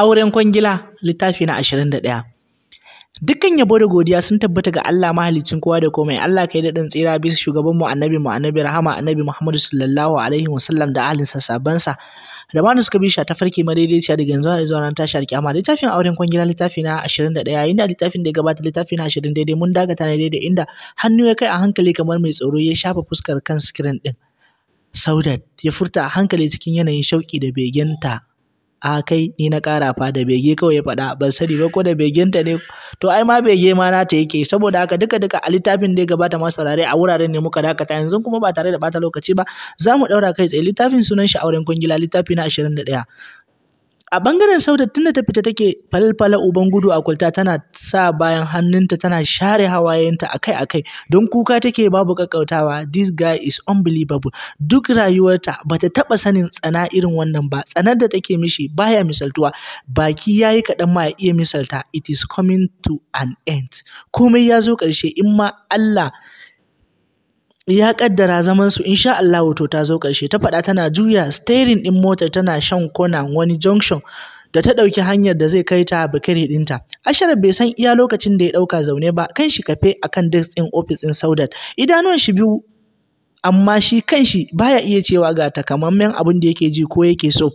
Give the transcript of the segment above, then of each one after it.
auren kwangila littafi na 21 dukkan yabo da godiya sun tabbata ga Allah mahalicin kowa da komai Allah kai daɗin tsira bisa shugaban mu annabi mu annabi rahama annabi Muhammadu sallallahu alaihi wasallam da ahlin sabansa da ma suka bisha ta farke madaidaiciya daga yanzu har zuwa ran tashi alƙiyama littafin auren kwangila littafi na 21 ɗaya da littafin da ya gabata littafi na 20 daidai mun dagata ne daidai inda hannu ya kai a hankali kamar mai tsoro ya shafa fuskar kan sikirin ɗin. Saudat ya furta a hankali cikin yanayin shauƙi da begenta a kai ni na ƙara fa da bege kawai ya faɗa ban sani ba ko da ta ne to ai ma bege ma na ta yake saboda haka duka duka a littafin da ya gabata ma saurare a wuraren ne muka dakata yanzu kuma ba tare da bata lokaci ba za mu ɗaura kai tsaye littafin sunan shi auren kwangila littafi na da 21 a bangaren sauda da ta fita take falfala uban gudu a kwalta tana sa bayan hannunta tana share hawayenta akai akai don kuka take babu kakkautawa this guy is unbelievable duk rayuwarta bata taba sanin tsana irin wannan ba tsanar da take mishi baya misaltuwa baki yayi kaɗan ma ya iya misalta it is coming to an end komai ya zo ƙarshe in ma Allah ya kaddara zaman su insha Allah wato ta zo karshe ta faɗa tana juya steering din motar tana shan kona wani junction da ta ɗauki hanyar da zai kai ta bakare ɗinta. ashara bai san iya lokacin da ya ɗauka zaune ba kan shi kafe akan desk ɗin ofis ɗin Saudat. Idanuwan shi biyu amma shi kan kanshi baya iya cewa ga takamaiman abin da yake ji ko yake so.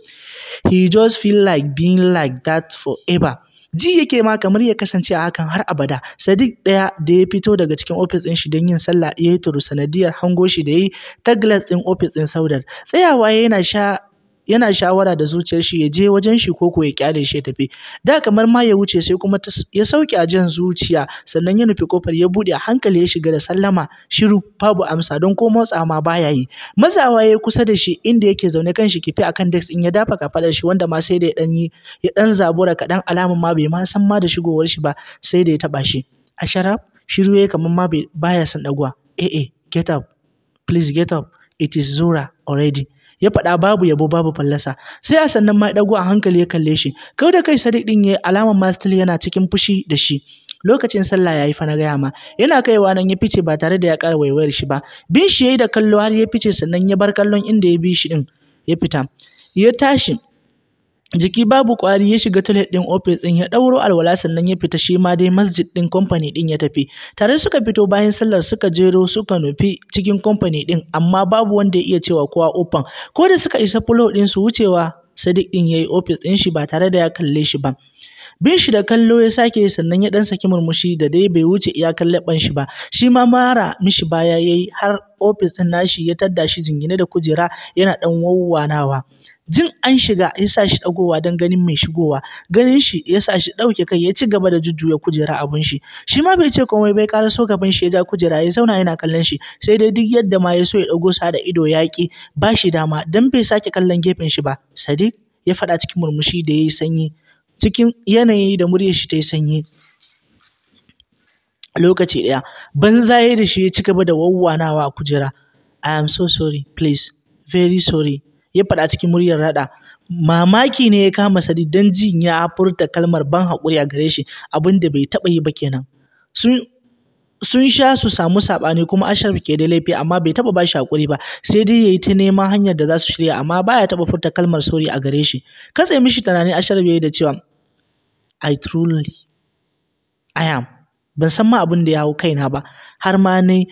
He just feel like being like that forever. ji yake ma kamar ya kasance a hakan har abada sadiq ɗaya da ya fito daga cikin ofis ɗin shi don yin sallah ya yi turu sanadiyar hango shi da yi ta glass ɗin ofis ɗin saudar tsayawa yana sha yana shawara da zuciyar shi ya je wajen shi ko ya kyale shi ya tafi da kamar ma ya wuce sai kuma ya sauke a jan zuciya sannan ya nufi kofar ya bude a hankali ya shiga da sallama shiru babu amsa don ko motsa ma baya yi mazawa ya kusa da shi inda yake zaune kan shi kifi akan desk in ya dafa kafadar shi wanda ma sai da ya dan yi ya dan zabura kadan alamun ma bai ma san ma da shigowar shi ba sai da ya taba shi a sharaf shiru yayi kamar ma baya son ɗagwa eh eh get up please get up it is zura already ya faɗa babu yabo babu fallasa sai a sannan ma dago a hankali ya kalle shi kau da kai sadiq ɗin yayi alamar mastil yana cikin fushi da shi lokacin sallah yayi yi fa na gaya ma yana kaiwa nan ya fice ba tare da ya ƙara waiwayar shi ba bin shi ya da kallo har ya fice sannan ya bar kallon inda ya bi shi din, ya fita ya tashi jiki babu ƙwari ya shiga toilet ɗin ofis ɗin ya ɗauro alwala sannan ya fita shi ma dai masjid ɗin company ɗin ya tafi tare suka fito bayan sallar suka jero suka nufi cikin company ɗin amma babu wanda ya iya cewa kowa open ko da suka isa floor din su wucewa Sadiq ɗin ya yi ofis ɗin shi ba tare da ya kalle shi ba. bin shi da kallo ya sake sannan ya dan saki murmushi da dai bai wuce iyakan leɓen shi ba shi ma mara mishi baya yayi har ofis ɗin nashi ya tadda shi jingine da kujera yana ɗan wawwanawa jin an shiga ya sa shi ɗagowa don ganin mai shigowa ganin shi ya sa shi ɗauke kai ya ci gaba da jujjuya kujera abun shi shi ma bai ce komai bai ƙara so gaban shi ya ja kujera ya zauna yana kallon shi sai dai duk yadda ma ya so ya dago sa da ido yaƙi ba shi dama dan bai sake kallon gefen shi ba sadiq ya faɗa cikin murmushi da ya sanyi cikin yanayi da muryar shi ta yi sanyi lokaci ɗaya banza ya da shi ya ci gaba da wawwanawa a kujera I am so sorry please very sorry ya faɗa cikin muryar raɗa mamaki ne ya kama sadi don jin ya furta kalmar ban haƙuri a gare shi abin da bai taɓa yi ba kenan sun sha su samu saɓani kuma Ashraf ke da laifi amma bai taɓa bashi haƙuri ba sai dai ya yi ta neman hanyar da za su shirya amma baya taɓa furta kalmar sauri a gare shi katse mishi tunani Ashraf yi da cewa I truly I am. Ban san ma abin da ya hau kaina ba, har ma ne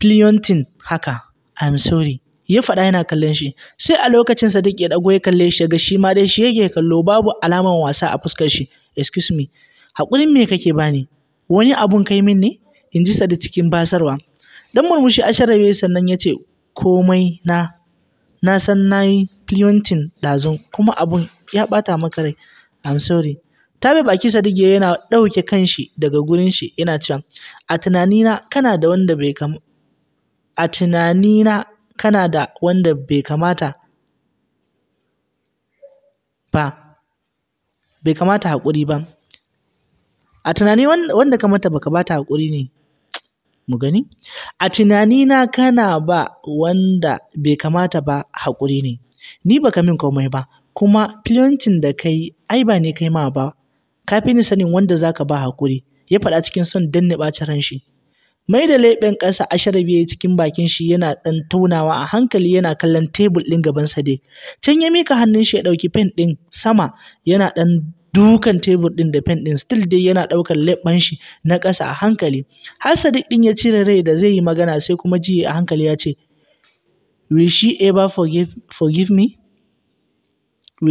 flinting haka, I'm sorry. Ya faɗa yana kallon shi, sai a lokacin duk ya ɗago ya kalle shi ya ga shi ma dai shi yake kallo babu alamar wasa a fuskar shi, excuse me, Hakurin me kake bani? Wani abun kai min ne? In ji da cikin basarwa. Dan murmushi a sharabe sannan ya ce, komai na, na san na yi flinting ɗazun kuma abun ya ɓata maka rai, I'm sorry. Ta bi baki Sadiq yana ɗauke kanshi daga gurin shi yana cewa a tunanina kana da wanda bai kamata a tunanina kana da wanda bai kamata ba bai kamata haƙuri ba a tunani wanda kamata baka bata haƙuri ne mu gani a tunanina kana ba wanda bai kamata ba haƙuri ne ni baka min komai ba kuma filancin da kai ai ba ne kai ma ba ka fi ni sanin wanda za ka ba hakuri, ya faɗa cikin son danne ɓacin ran shi. Mai da leɓen ƙasa a ya cikin bakin shi yana ɗan taunawa a hankali yana kallon tebul ɗin sa dai. Can ya mika hannun shi ya ɗauki fen ɗin sama yana ɗan dukan tebur ɗin da fen ɗin still dai yana ɗaukar leɓen shi na ƙasa a hankali. Har Sadiq ɗin ya cire rai da zai yi magana sai kuma ji a hankali ya ce, Will Will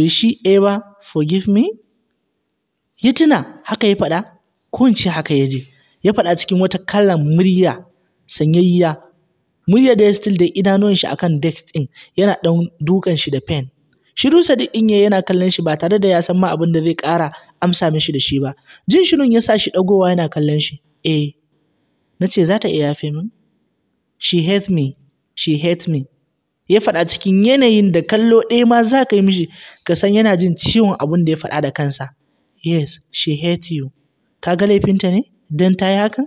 she ever forgive me? ya tuna haka ya faɗa ko in ce haka ya je ya faɗa cikin wata kalan murya sanyayya murya da ya still da idanuwan shi akan desk din yana ɗan dukan shi da pen shiru sadiq ɗin ya yana kallon shi ba tare da ya san ma abin da zai ƙara amsa mishi da shi ba jin shirun ya sa shi ɗagowa yana kallon shi eh na ce za ta iya yafe min she hate me she hate me ya faɗa cikin yanayin da kallo ɗaya ma za ka yi mishi ka san yana jin ciwon abin da ya faɗa da kansa Yes, she hate you. Ka ga laifinta ne? Don ta yi hakan?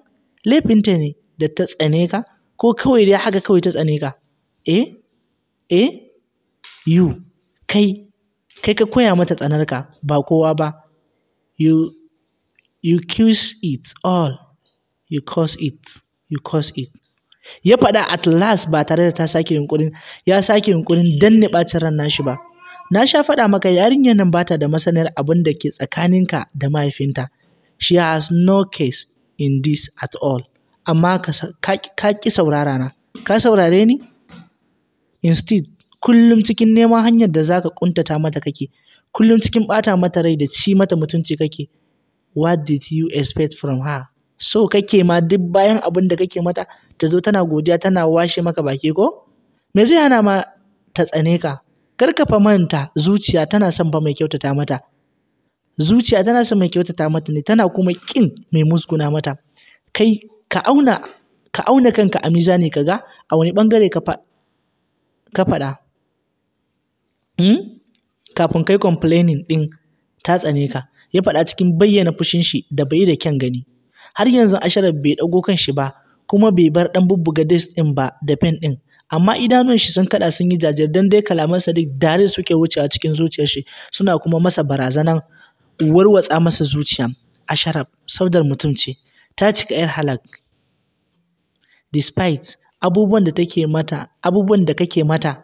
Laifinta ne da ta tsane ka? Ko kawai dai haka kawai ta tsane ka? Eh? Eh? You, kai, kai ka koya mata tsanarka ba kowa ba. You, you kiss it all. You cause it. You cause it. Ya faɗa at last ba tare da ta sake yunƙurin, ya sake yunƙurin danne ɓacin ran nashi ba. Na sha faɗa maka yarinyar nan bata da masaniyar abin da ke tsakaninka da mahaifinta. She has no case in this at all. Amma ka ƙi saurara na. Ka saurare ni? Instead, kullum cikin neman hanyar da zaka ƙuntata mata kake. Kullum cikin ɓata mata rai da ci mata mutunci kake. What did you expect from her? So kake ma duk bayan abin da kake mata ta zo tana godiya tana washe maka baki ko? Me zai hana ma ta tsane ka? kar ka fa manta zuciya tana son fa mai kyautata mata zuciya tana son mai kyautata mata ne tana kuma kin mai musguna mata kai ka auna ka auna kanka a mizani ka ga a wani bangare ka fa ka faɗa hmm? kafin kai complaining ɗin ta tsane ka ya faɗa cikin bayyana fushin shi da bai da kyan gani har yanzu asharar bai dago kan shi ba kuma bai bar 'dan bubbuga disk din ba da pen ɗin amma idanun shi sun kaɗa sun yi jajir don dai kalaman Sadiq dare suke wucewa cikin zuciyar shi suna kuma masa barazanan warwatsa masa zuciya. sharaf, saudar mutum ce ta cika 'yar halak despite abubuwan da take mata abubuwan da kake mata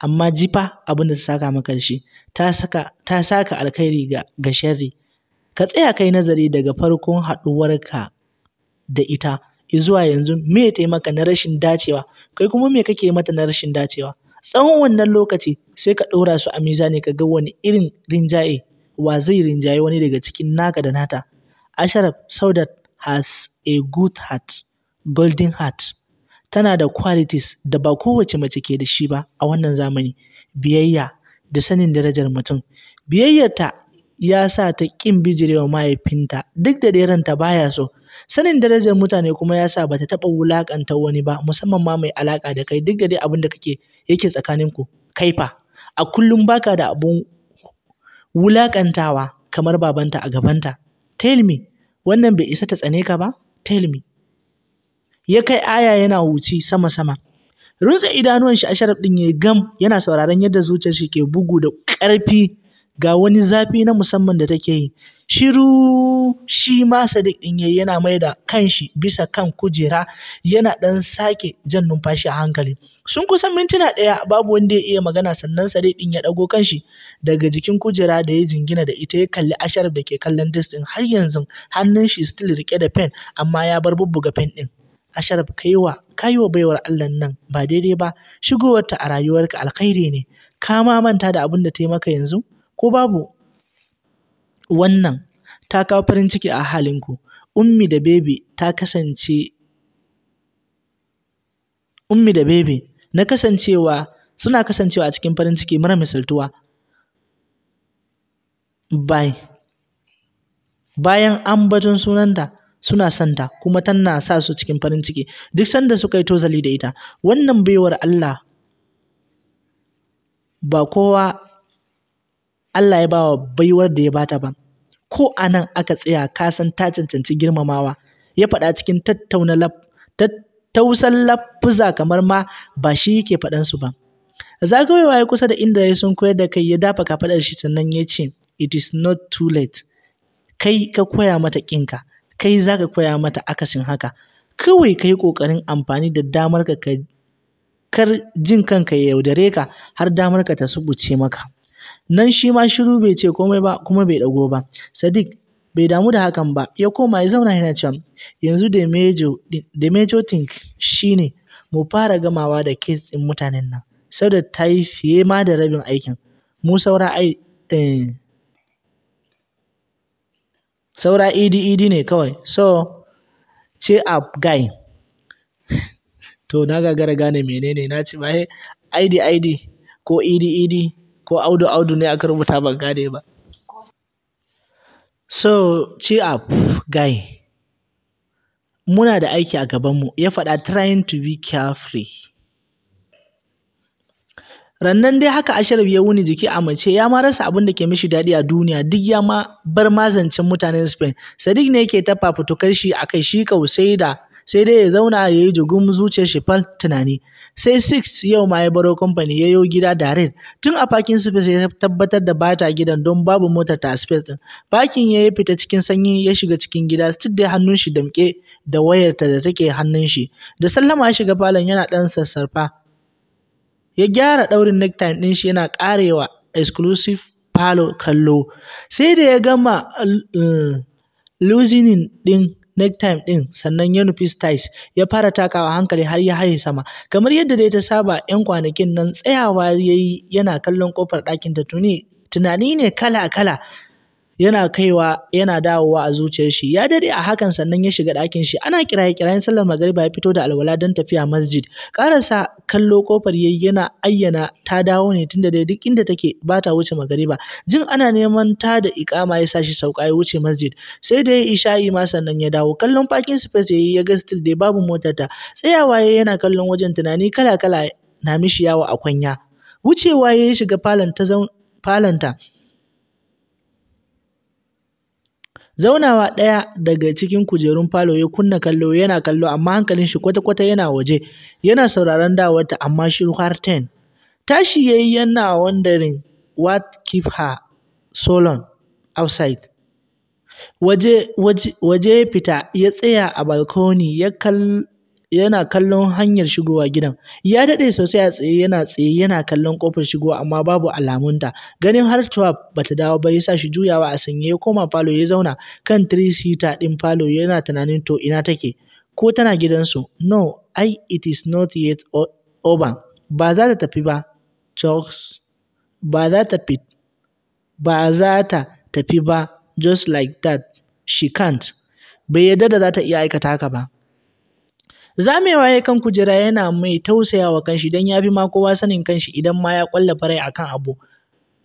amma jifa abin da ta saka maka shi ta saka ta saka alkhairi ga ga sharri ka tsaya kai nazari daga farkon haɗuwarka da ita zuwa yanzu me ya taimaka na rashin dacewa kai kuma me kake mata na rashin dacewa tsawon wannan lokaci sai ka ɗora su a ne ka ga wani irin rinjaye wa zai rinjaye wani daga cikin naka da nata asharaf saudat has a good heart golden heart tana da qualities da ba kowace mace ke da shi ba a wannan zamani biyayya da sanin darajar mutum biyayyarta ya sa ta ƙin bijirewa mahaifinta duk da dai ranta baya so sanin darajar mutane kuma ya sa ba ta taɓa wulaƙanta wani ba musamman ma mai alaƙa da kai duk da dai abin da kake yake tsakaninku kai fa a kullum baka da abun wulaƙantawa kamar babanta a gabanta tell me wannan bai isa ta tsane ka ba tell me ya kai aya yana huci sama sama runtse idanuwan shi a sharaf din yayi gam yana sauraron yadda zuciyar shi ke bugu da ƙarfi ga wani zafi na musamman da take yi Shiru shi ma Sadiq ɗin yayi yana mai da kanshi bisa kan kujera yana ɗan sake jan numfashi a hankali. Sun kusan mintuna ɗaya babu wanda ya iya magana sannan Sadiq ɗin ya ɗago kanshi daga jikin kujera da ya jingina da ita ya kalli Asharaf da ke kallon desk ɗin har yanzu hannun shi still rike da pen amma ya bar bubbuga pen ɗin. Asharaf kaiwa kaiwa baiwar Allah nan ba daidai ba shigowarta a rayuwarka alkhairi ne ka ma manta da abin da ta yi maka yanzu ko babu wannan ta kawo farin ciki a halinku. Ummi da Baby ta kasance Ummi da Baby na kasancewa suna kasancewa a cikin farin ciki mara misaltuwa. Bai bayan sunan sunanta suna santa kuma tana sa su cikin farin ciki duk sanda suka yi tozali da ita wannan baiwar Allah ba kowa Allah ya bawa baiwar da ya bata ba ko a nan aka tsaya ka san ta cancanci girmamawa ya faɗa cikin tattauna tattausan lafuza kamar ma ba shi yake faɗan su ba zagayowa ya kusa da inda ya sun koyar da kai ya dafa kafaɗar shi sannan ya ce it is not too late kai ka koya mata ƙinka kai za ka koya mata akasin haka kawai ka yi ƙoƙarin amfani da damar ka kar jin kanka ya yaudare ka har damar ka ta subuce maka Nan shi ma shiru bai ce komai ba kuma bai ɗago ba. Sadiq bai damu da hakan ba ya koma ya zauna yana cewa yanzu da major, da shine mu fara gamawa da kes ɗin mutanen nan. Saudat ta yi fiye ma da rabin aikin. Mu saura ai eh, saura idi e idi e ne kawai. So ce up guy. to na gagara gane menene na ce ba ID ko idi e idi ko Audu Audu ne aka rubuta ban gane ba. So ci up guy. Muna da aiki a gabanmu ya faɗa trying to be carefree. Rannan dai haka Asharaf ya wuni jiki a mace ya ma rasa abin da ke mishi daɗi a duniya duk ya ma bar mazancin mutanen Spain. Sadiq ne yake ta fafutukar shi kai shi kausai da sai dai ya zauna ya yi jugum zuciyar shi fal tunani. Sai Six yau ma ya baro kamfani ya yo gida da red. Tun a parking space ya tabbatar da bata gidan don babu motar ta space din. Parking ya yi fita cikin sanyi ya shiga cikin gida still dai hannun shi damƙe da wayarta da take hannun shi. Da sallama ya shiga falon yana ɗan sassarfa. Ya gyara ɗaurin necktie din shi yana ƙarewa exclusive falo kallo. Sai da ya gama eh, losing din necktime ɗin sannan ya nufi styles ya fara takawa hankali har ya haye sama. Kamar yadda dai ta saba 'yan kwanakin nan tsayawa ya yi yana kallon kofar ɗakin ta tuni tunani ne kala-kala yana kaiwa yana dawowa a zuciyar shi ya dade a hakan sannan ya shiga ɗakin shi ana kiraye kirayen sallar magariba ya fito da alwala don tafiya masjid karasa kallo kofar yayi yana ayyana ta dawo ne tunda dai duk inda take ba ta wuce magariba jin ana neman ta da ikama ya sa shi sauka ya wuce masjid sai da ya isha'i ma sannan ya dawo kallon parking space yayi ya ga still dai babu motar ta tsayawa yana kallon wajen tunani kala kala na mishi yawo a kwanya wucewa ya shiga falon ta falonta Zaunawa ɗaya daga cikin kujerun falo ya kunna kallo yana kallo amma hankalin shi kwata-kwata yana waje. Yana sauraron ta amma shi har ten. Tashi ya yi yana wondering what keep her so long outside. Waje, ya fita ya tsaya a balkoni ya yana kallon hanyar shigowa gidan. Ya daɗe sosai a tsaye yana tsaye yana kallon ƙofar shigowa amma babu alamun alamunta. Ganin har tuwa bata dawo ba yasa shi juyawa a sanye ya koma falo ya zauna kan three seater ɗin falo yana tunanin to ina take. Ko tana gidansu? No, ai it is not yet over. Ba za ta tafi ba, Chucks. Ba za ta fit. Ba za ta tafi ba, just like that. She can't. Bai yarda da za ta iya aikata haka ba. zamewa ya kan kujera yana mai tausayawa kanshi don ya fi ma kowa sanin kanshi idan ma ya kwalla farai akan abu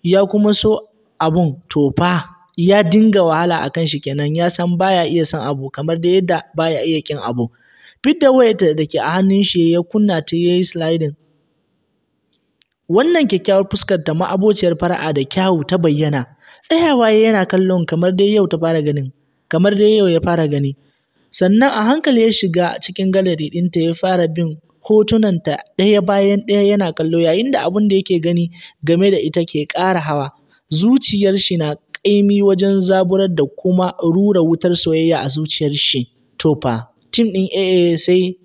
ya kuma so abun to fa ya dinga wahala akan shi kenan ya san baya iya son abu kamar da yadda baya iya kin abu Fit da wayarta da ke a hannun shi ya kunna ta yayi sliding wannan kyakkyawar fuskar ta ma'abociyar fara'a da kyawu ta bayyana tsayawa yana kallon kamar dai yau ta fara ganin kamar dai yau ya fara gani Sannan a hankali ya shiga cikin galeri ɗinta ya fara bin hotunanta ɗaya bayan ɗaya yana kallo yayin da abin da yake gani game da ita ke ƙara hawa. Zuciyar shi na ƙaimi wajen zaburar da kuma rura wutar soyayya a zuciyar shi. To fa, tim ɗin AA sai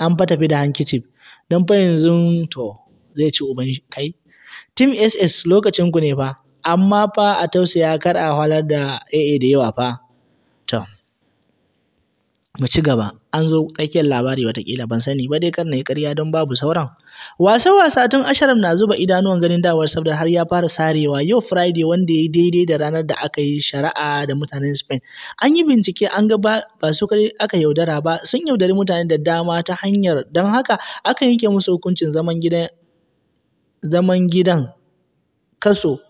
an fa tafi da hankicif. Don fa yanzu to zai ci uban kai. Tim SS lokacin ku ne fa, amma fa a tausaya kar a halar da AA da yawa fa. To. mu ci gaba an zo tsakiyar labari watakila ban sani ba dai kar na yi ƙarya don babu sauran wasa wasa tun asharaf na zuba idanuwan ganin dawar sabda har ya fara sarewa yau friday wanda ya yi daidai da ranar da aka yi shari'a da mutanen spain an yi bincike an ga ba su aka yaudara ba sun yaudari mutane da dama ta hanyar don haka aka yanke musu hukuncin zaman gidan zaman gidan kaso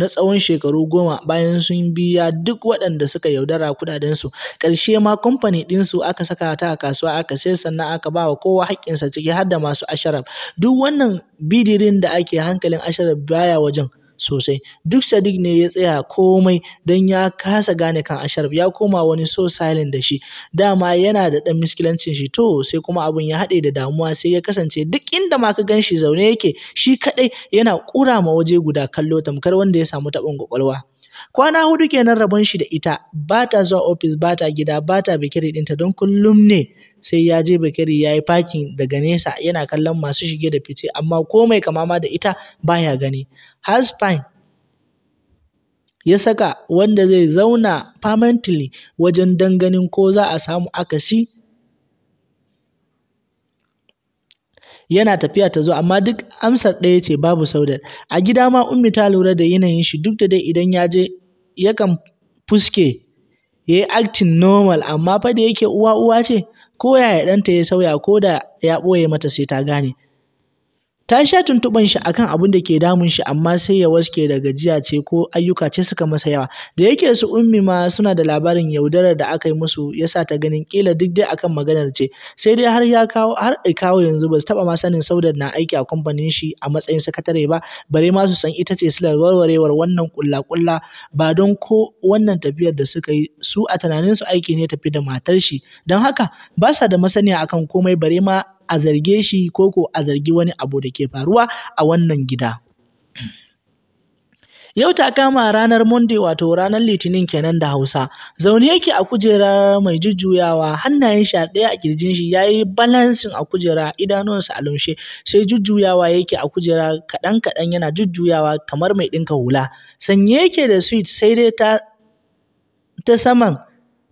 na tsawon shekaru goma bayan sun biya duk waɗanda suka yaudara kuɗaɗensu. Ƙarshe ma kamfani ɗinsu aka saka ta a kasuwa aka sayar sannan aka ba wa kowa haƙƙinsa ciki har da masu Asharaf. Duk wannan bidirin da ake hankalin Asharaf baya wajen. sosai. Duk Sadiq ne ya tsaya komai don ya kasa gane kan Asharaf ya koma wani so silent da shi. Dama yana da ɗan miskilancin shi to sai kuma abun ya haɗe da damuwa sai ya kasance duk inda ma ka gan shi zaune yake shi kaɗai yana ƙura ma waje guda kallo tamkar wanda ya samu taɓin ƙwaƙwalwa. Kwana hudu kenan rabon shi da ita, ba ta zuwa ofis, ba ta gida, ba ta bikiri ɗinta don kullum ne sai ya je bikiri ya yi parking daga nesa yana kallon masu shige da fice amma komai mai kama da ita baya gani. husband ya saka wanda zai zauna permanently wajen ganin ko za a samu akasi yana tafiya ta zo amma duk amsar ɗaya ce babu saudar a gida ma ummi ta lura da yanayin shi duk da dai idan ya je yakan fuske ya yi acting normal amma fa da yake uwa uwa ce ko ya ɗanta ya sauya ko da ya ɓoye mata sai ta gane Ta sha tuntuɓin shi akan abin da ke damun shi amma sai ya waske da gajiya ce ko ayyuka ce suka masa yawa. Da yake su ummi ma suna da labarin yaudarar da aka yi musu yasa ta ganin kila duk dai akan maganar ce. Sai dai har ya kawo har kawo yanzu ba su taɓa ma sanin saudar na aiki a kamfanin shi a matsayin sakatare ba bare ma su san ita ce silar warwarewar wannan kulla-kulla ba don ko wannan tafiyar da suka yi su a tunaninsu aiki ne tafi da matar shi don haka ba sa da masaniya akan komai bare ma a zarge shi ko ko a zargi wani abu da ke faruwa a wannan gida. Yau ta kama ranar Monday wato ranar Litinin kenan da Hausa. Zaune yake a kujera mai jujjuyawa, hannayen shi a ɗaya a kirjin shi yayi balansin a kujera, idanunsa a lumshe, sai jujjuyawa yake a kujera kaɗan kaɗan yana jujjuyawa kamar mai ɗinka hula. Sanye yake da suit sai dai ta ta saman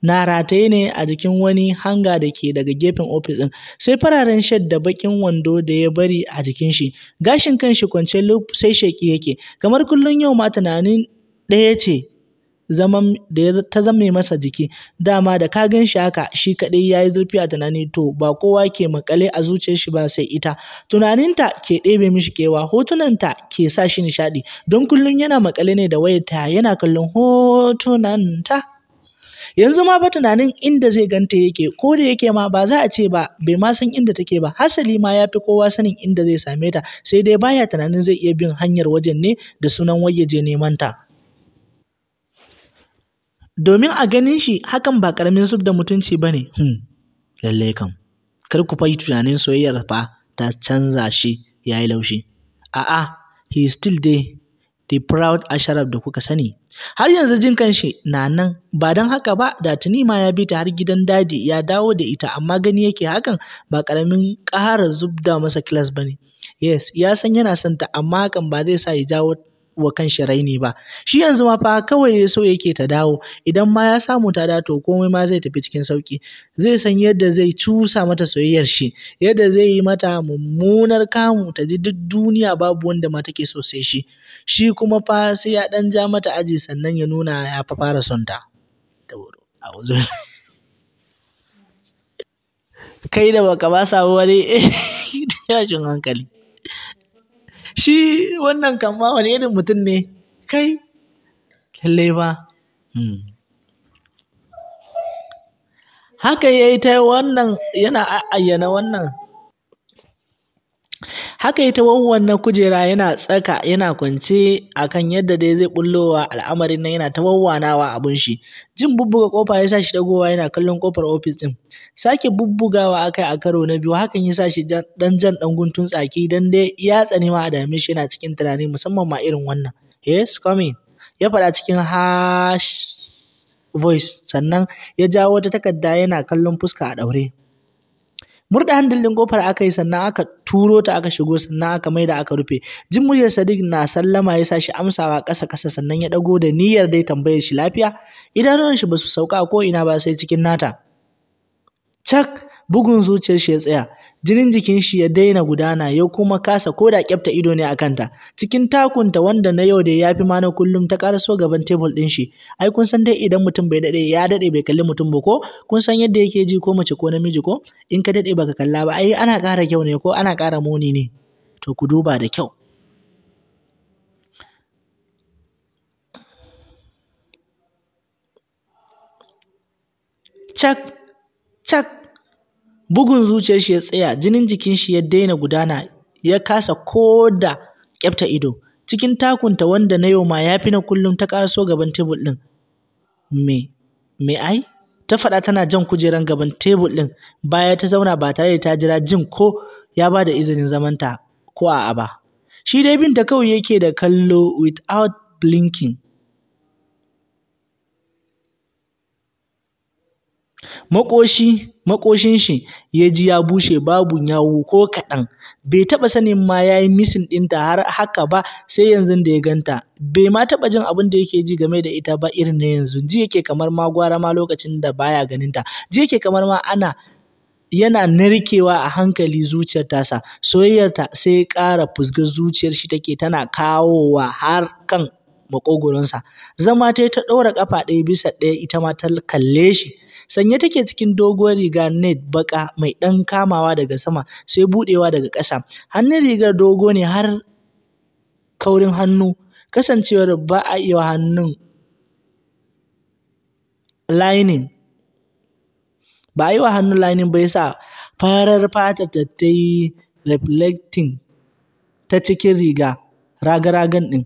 na rataye ne a jikin wani hanga da ke daga gefen ofis ɗin sai fararen shed da baƙin wando da ya bari a jikin shi gashin kan shi kwance lub sai sheki yake kamar kullun yau ma tunanin ɗaya ce zaman da ya ta zame masa jiki dama da ka gan shi haka shi kaɗai ya yi zurfi a tunani to ba kowa ke makale a zuciyar shi ba sai ita tunaninta ke ɗebe mishi kewa hotunanta ke sa shi nishaɗi don kullum yana makale ne da wayarta yana kallon hotunanta yanzu ma ba tunanin inda zai ganta yake ko da yake ma ba za a ce ba bai ma san inda take ba hasali ma ya fi kowa sanin inda zai same ta sai dai baya tunanin zai iya bin hanyar wajen ne da sunan je neman ta domin a ganin shi hakan ba karamin zub da mutunci ba ne hmm. lallai kam kar ku fayi tunanin soyayyar fa ta canza shi ya yi laushi a'a he is still there the proud asharaf da kuka sani har yanzu jin kanshi na nan ba don haka ba da tuni ma ya bi ta har gidan dadi ya dawo da ita amma gani yake hakan ba karamin ƙara zubda masa kilas ba ne yes ya san yana santa amma hakan ba zai sa ya jawo wa kan shi raini ba shi yanzu ma fa kawai so yake ta dawo idan ma ya samu ta dato komai ma zai tafi cikin sauki zai san yadda zai cusa mata soyayyar shi yadda zai yi mata mummunar kamu ta ji duk duniya babu wanda ma take so sai shi shi kuma fa sai ya dan ja mata aji sannan ya nuna ya fa fara son ta kai da baka ba samu wani hankali shi wannan kan ma wani irin mutum ne kai lallai ba hmm. haka ya yi ta wannan yana ayyana wannan haka ita wannan kujera yana tsaka yana kwance akan yadda dai zai bullowa al'amarin nan yana ta wawwanawa abun shi jin bubbuga kofa ya sa shi dagowa yana kallon kofar ofis din sake bubbugawa akai a karo na biyu hakan ya sa shi dan jan dan guntun tsaki dan dai ya tsani ma a dame yana cikin tunani musamman ma irin wannan yes coming ya faɗa cikin hash voice sannan ya jawo wata takarda yana kallon fuska a daure murda handalin kofar aka yi sannan aka turo ta aka shigo sannan aka maida aka rufe jin muryar sadiq na sallama ya sashi shi amsawa ƙasa kasa sannan ya dago da niyyar da ya tambayar shi lafiya idanuwan shi ba su sauka ko ina ba sai cikin nata cak bugun zuciyar shi ya tsaya jinin jikin shi ya daina gudana ya kuma kasa ko da kyafta ido ne a kanta. cikin takunta wanda na yau da ya fi ma kullum ta karaso gaban tebul ɗin shi ai kun san dai idan mutum bai dade ya daɗe bai kalli mutum ba ko kun san yadda yake ji ko mace ko namiji ko in ka dade baka kalla ba ai ana ƙara kyau ne ko ana ƙara muni ne to ku duba da kyau chak chak bugun zuciyar shi ya tsaya jinin jikin shi ya daina gudana ya kasa ko da kyafta ido cikin takunta wanda na yau ma ya fi na kullum ta karaso gaban tebul ɗin me me ai ta faɗa tana jan kujeran gaban tebul ɗin baya ta zauna ba tare da ta jira jin ko ya ba da izinin zamanta ko a'a ba shi dai binta kawai yake da kallo without blinking Maƙoshi, maƙoshin shi ya ji ya bushe babu yawo ko kaɗan. Bai taɓa sanin ma ya yi misin ɗinta har haka ba sai yanzu da ya ganta. Bai ma taɓa jin abin da yake ji game da ita ba irin na yanzu. Ji yake kamar ma gwara ma lokacin da baya ganinta. Ji yake kamar ma ana yana narkewa a hankali zuciyar tasa. Soyayyarta sai ƙara fusgar zuciyar shi take tana kawowa har kan maƙogwaronsa. Zama yi ta ɗaura ƙafa ɗaya bisa ɗaya ita ma ta kalle shi. Sanye take cikin doguwar riga net baƙa mai ɗan kamawa daga sama sai buɗewa daga ƙasa. Hannun rigar dogo ne har kaurin hannu, kasancewar ba a yi wa hannun lining. Ba a yi hannun lining ba yasa farar fatar ta ta yi reflecting ta cikin riga raga-ragan ɗin.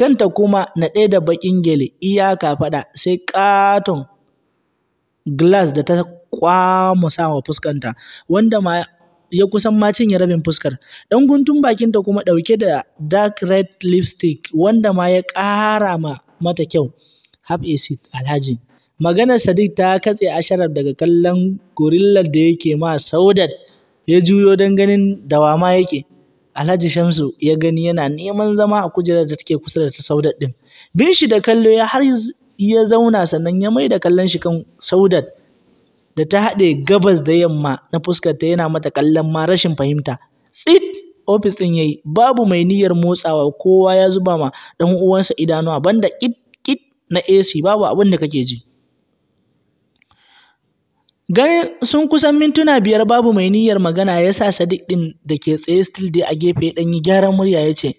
Kanta kuma ɗaya da baƙin gele, iyaka faɗa sai katon glass da ta kwamusa wa fuskanta wanda ma ya kusan ma cinye rabin fuskar. Ɗan guntun ta kuma ɗauke da dark red lipstick wanda ma ya ƙara ma mata kyau. Half a seat, Alhaji. Maganar Sadiq ta katse Asharaf daga kallon gorillar da yake ma Saudat ya juyo don ganin dawama yake. Alhaji Shamsu ya gani yana neman zama a kujerar da take kusa da ta Saudat ɗin. Bin shi da kallo ya har ya zauna sannan ya mai da kallon shi kan Saudat da ta haɗe gabas da yamma na fuskarta yana mata kallon ma rashin fahimta. Tsit ofis ɗin yayi babu mai niyyar motsawa kowa ya zuba ma ɗan uwansa idanuwa banda kit kit na AC babu abin da kake ji. Ganin sun kusan mintuna biyar babu mai niyyar magana ya sa Sadiq ɗin da ke tsaye still dai a gefe ɗan gyaran murya ya ce,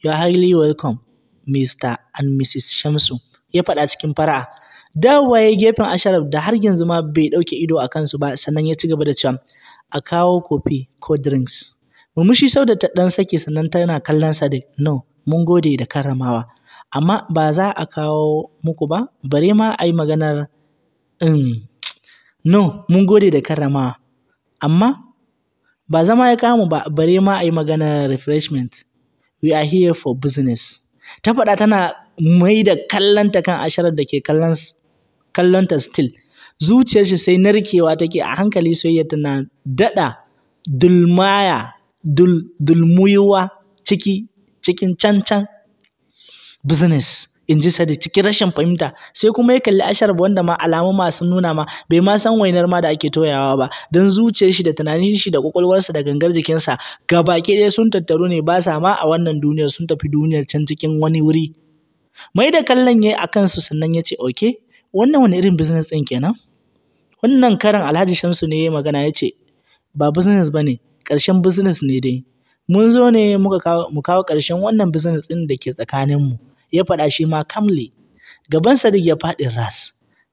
You are highly welcome, Mr. and Mrs. Shamsu. ya faɗa cikin fara'a. Dawowa ya gefen Asharaf da har yanzu ma bai ɗauke ido a kansu ba sannan ya ci gaba da cewa a kawo kofi ko drinks. Mumushi sau da ta ɗan sake sannan tana kallon Sadiq. No, mun gode da karramawa. Amma ba za a kawo muku ba, bare ma a yi maganar in um, no, mun gode da karramawa. Amma ba zama ya kamu ba, bare ma a yi maganar refreshment. We are here for business. Ta faɗa tana mai da kallonta kan asharar da ke kallonta still zuciyar shi sai narkewa take a hankali soyayya tana daɗa dulmaya dulmuyuwa ciki cikin cancan business in ji sadi cikin rashin fahimta sai kuma ya kalli ashar wanda ma alamu masu nuna ma bai ma san wainar ma da ake toyawa ba don zuciyar shi da tunanin shi da kwakwalwarsa da gangar jikinsa ga baki ɗaya sun tattaru ne ba sa ma a wannan duniyar sun tafi duniyar can cikin wani wuri mai da kallon ya yi a kansu sannan ya ce oke wannan wani irin business ɗin kenan wannan karin alhaji shamsu ne ya magana ya ce ba business ba ne ƙarshen business ne dai mun zo ne mu kawo ƙarshen wannan business ɗin da ke tsakaninmu ya faɗa shi ma kamle gaban sadiq ya faɗi ras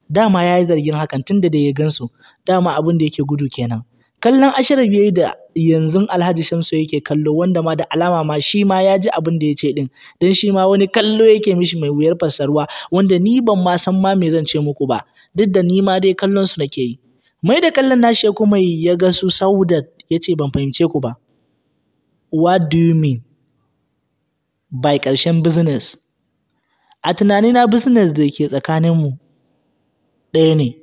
dama ya yi zargin hakan tun da ya gansu dama abin da yake gudu kenan Kallon ashirin ya da yanzu Alhaji Shamsu yake kallo wanda ma da alama ma shi ma ya ji abin da ya ce din don shi ma wani kallo yake mishi mai wuyar fassarwa wanda ni ban ma san ma me zan ce muku ba duk da ni ma dai kallon su nake yi mai da kallon nashi ya kuma ya ga su sauda ya ce ban fahimce ku ba what do you mean by ƙarshen business a tunanina business da ke tsakaninmu ɗaya ne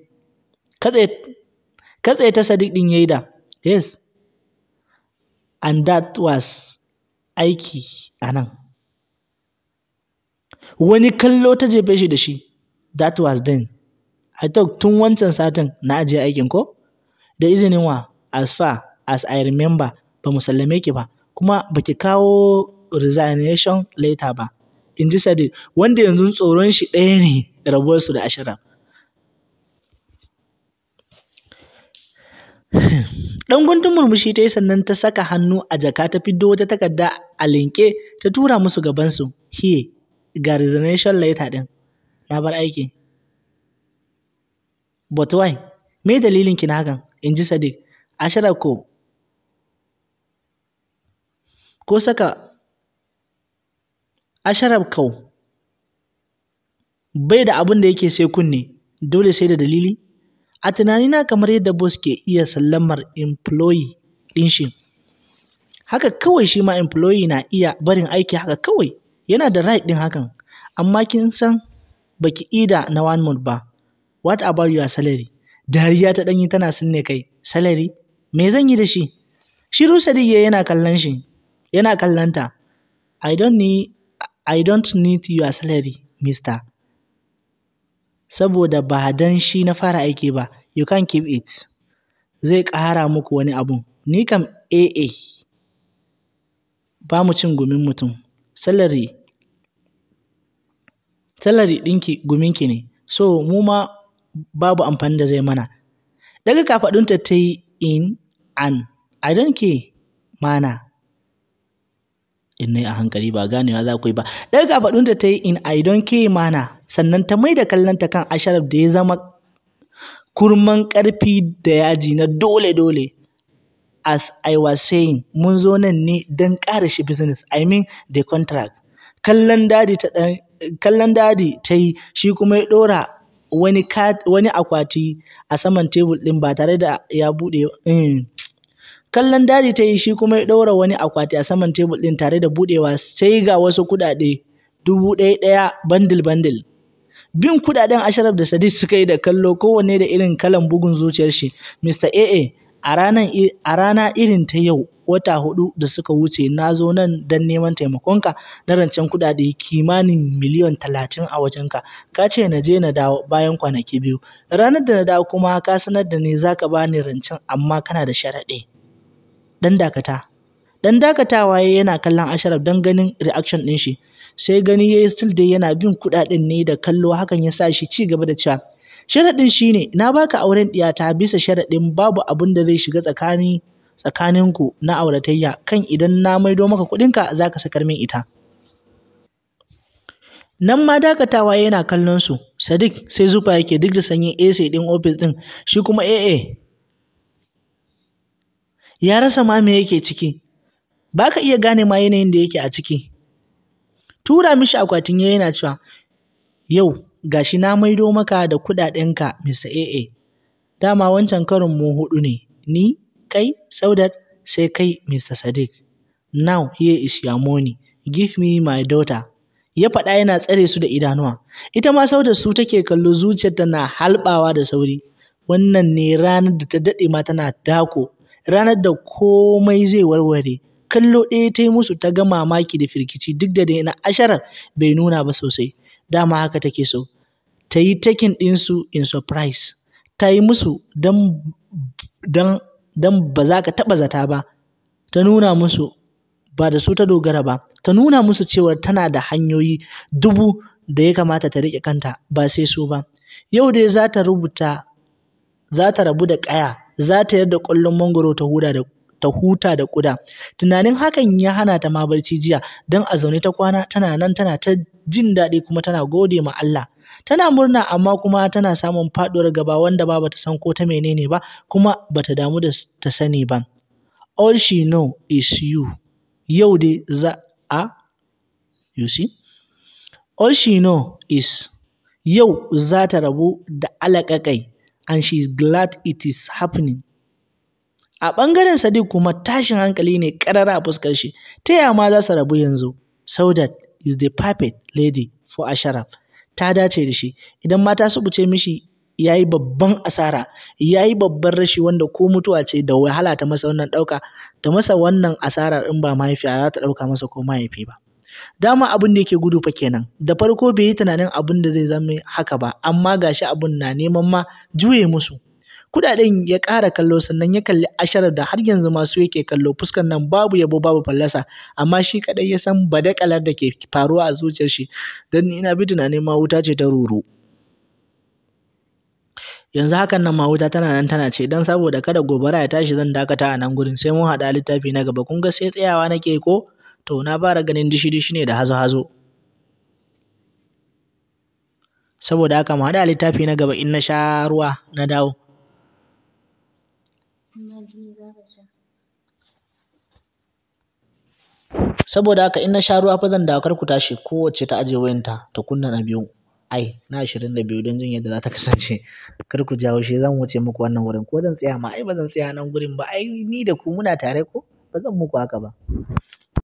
katse ta sadiq ɗin yayi da Yes. And that was aiki a nan. Wani kallo ta jefe shi da shi. That was then. I talk tun wancan satin na ajiye aikin ko? Da izinin wa, as far as I remember, ba mu sallame ki ba, kuma ba ki kawo resignation letter ba. In ji Sadiq, wanda yanzu tsoron shi ɗaya ne rabuwar su da ashirin. Ɗan guntun murmushi ta yi sannan ta saka hannu a jaka ta fiddo wata takarda a linke ta tura musu gabansu. Hiye, ga resignation letter ɗin. Na bar aiki. But why? Me dalilin ki na hakan? In ji Sadiq. Ashara ko ko saka asharab kau bai da abin da yake sai kunne dole sai da dalili A tunanina kamar yadda boss ke iya sallamar employee ɗin shi, haka kawai shi ma employee na iya barin aiki haka kawai yana da right ɗin hakan. Amma kin san baki ida na one month ba. What about your salary? Dariya ta ɗanyi tana sinne kai. Salary? Me zan yi da shi? Shiru ya yana kallon shi, yana I don't need I don't need your salary, mister. saboda ba dan shi na fara aiki ba you can keep it zai ƙara muku wani abun ni kam AA ba mu cin gumin mutum salary salary ɗinki guminki ne so mu ma babu amfani da zai mana daga kafaɗunta ta yi in an I don't care mana in nai a hankali ba ganewa za ku yi ba ga kafaɗunta ta yi in I don care mana sannan ta mai da kallon ta kan Asharaf da ya zama kurman ƙarfi da yaji na dole-dole as I was saying mun zo nan ne don ƙara shi business I mean the contract kallon dadi ta yi shi kuma ya ɗora wani wani akwati a saman tebul ɗin ba tare da ya buɗe mm, Kallon daji ta yi shi kuma ya ɗaura wani akwati a saman tebul ɗin tare da buɗewa sai ga wasu kuɗaɗe dubu ɗaya ɗaya bandil bandil. Bin kuɗaɗen Ashraf da Sadiq suka yi da kallo kowanne da irin kalan bugun zuciyar shi. Mr. AA a a rana irin ta yau wata hudu da suka wuce na zo nan don neman taimakonka na rancen kuɗaɗe kimanin miliyan talatin a wajenka ka ce na je na dawo bayan kwanaki biyu ranar da na dawo kuma ka sanar da ni za ka bani rancen amma kana da sharaɗe ɗan dakata Dan dakatawa ya yana kallon asharaf dan ganin reaction ɗin shi sai gani yayi yi still dai yana bin kuɗaɗen ne da kallo hakan ya sa shi ci gaba da cewa sharaɗin shine na baka auren ɗiyata bisa sharaɗin babu abin da zai shiga tsakani tsakaninku na auratayya kan idan na maido maka kuɗinka za ka sakar min ita nan ma dakatawa yana kallon su sadiq sai zufa yake duk da sanyin ac din ofis ɗin shi kuma aa ya rasa ma me yake ciki ba ka iya gane ma yanayin da yake a ciki tura mishi akwatin ya yana cewa yau gashi na maido maka da kuɗaɗenka Mr. AA dama wancan karin mu hudu ne ni kai Saudat sai kai Mr. Sadiq now here is your money give me my daughter ya faɗa yana tsare su da idanuwa ita ma Saudat su take kallo zuciyar na halbawa da sauri wannan ne ranar da ta daɗe ma tana dako ranar da komai zai warware. Kallo ɗaya ta yi musu ta ga mamaki da firkici duk da dai na asharar bai nuna ba sosai. Dama haka take so. Ta yi takin ɗinsu in surprise. Ta yi musu don, ba za ka taɓa zata ba. Ta nuna musu ba da su ta dogara ba. Ta nuna musu cewa tana da hanyoyi dubu da ya kamata ta riƙe kanta ba sai su ba. Yau dai za ta rubuta, za ta rabu da ƙaya za ta yarda ƙwallon mangoro ta huda da ta huta da ƙuda. Tunanin hakan ya hana ta ma barci jiya, don a zaune ta kwana tana nan tana ta jin daɗi kuma tana gode ma Allah. Tana murna amma kuma tana samun faɗuwar gaba wanda ba bata san ko ta menene ba kuma bata damu da ta sani ba. All she know is you. Yau dai za a you see? All she know is yau za ta rabu da alaƙaƙai and she is glad it is happening. A ɓangaren Sadiq kuma tashin hankali ne ƙarara a fuskar shi, ta yaya ma za su rabu yanzu? Saudat is the perfect lady for Asharaf. Ta dace da shi, idan mata su buce mishi ya yi babban asara, ya yi babban rashi wanda ko mutuwa ce da wahala ta masa wannan ɗauka, ta masa wannan asara in ba mahaifiya za ta ɗauka masa ko mahaifi ba. dama abin da yake gudu fa kenan da farko bai yi tunanin abin da zai zama haka ba amma gashi abun na neman ma juye musu kudaden ya kara kallo sannan ya kalli asharar da har yanzu masu yake kallo fuskar nan babu yabo babu fallasa amma shi kadai ya san badakalar da ke faruwa a zuciyar shi dan ina bi tunanin ma wuta ce ta ruru yanzu hakan nan ma wuta tana nan tana ce dan saboda kada gobara ya tashi zan dakata a nan gurin sai mun haɗa littafi na gaba kun ga sai tsayawa nake ko to na fara ganin dishi-dishi ne da hazo-hazo saboda haka mu haɗa littafi na gaba in na sha ruwa na dawo saboda haka in na sha ruwa fa zan dawo kar ku tashi kowace ta aje wayanta ta kunna na biyu ai na ashirin da biyu don jin yadda za ta kasance kar ku jawo shi zan wuce muku wannan wurin ko zan tsaya ma ai ba zan tsaya nan gurin ba ai ni da ku muna tare ko ba zan muku haka ba